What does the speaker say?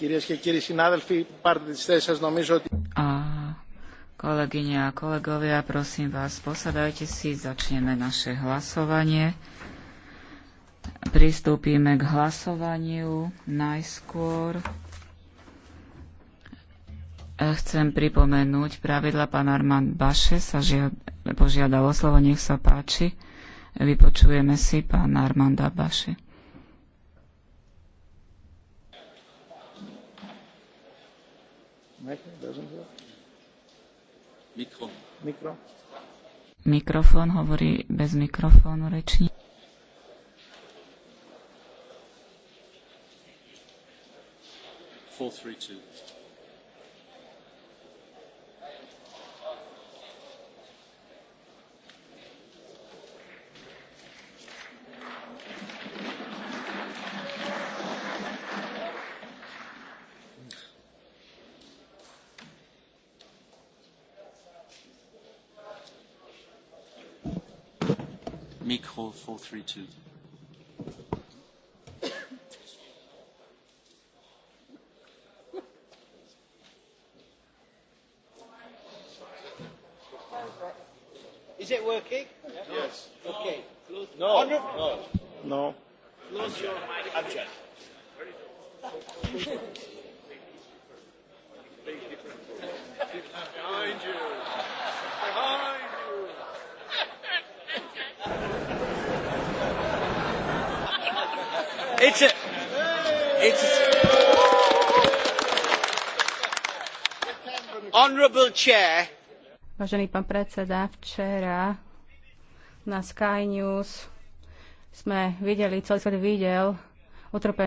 A kolegyne a kolegovia, prosím vás, posadajte si, začneme naše hlasovanie. Pristúpime k hlasovaniu najskôr. E, chcem pripomenúť pravidla. Pán Armand Baše sa žiad, požiadal o slovo. Nech sa páči. Vypočujeme si pána Armanda Baše. Mikro. Mikro. Mikrofón hovorí bez mikrofónu reční. Four, three, two. Micro 432. Is it working? Yes. Okay. No. No. no. Close your mic. It's a, it's a, honorable chair. Vážený pán predseda, včera na Sky News sme videli, celý svet videl utrpenie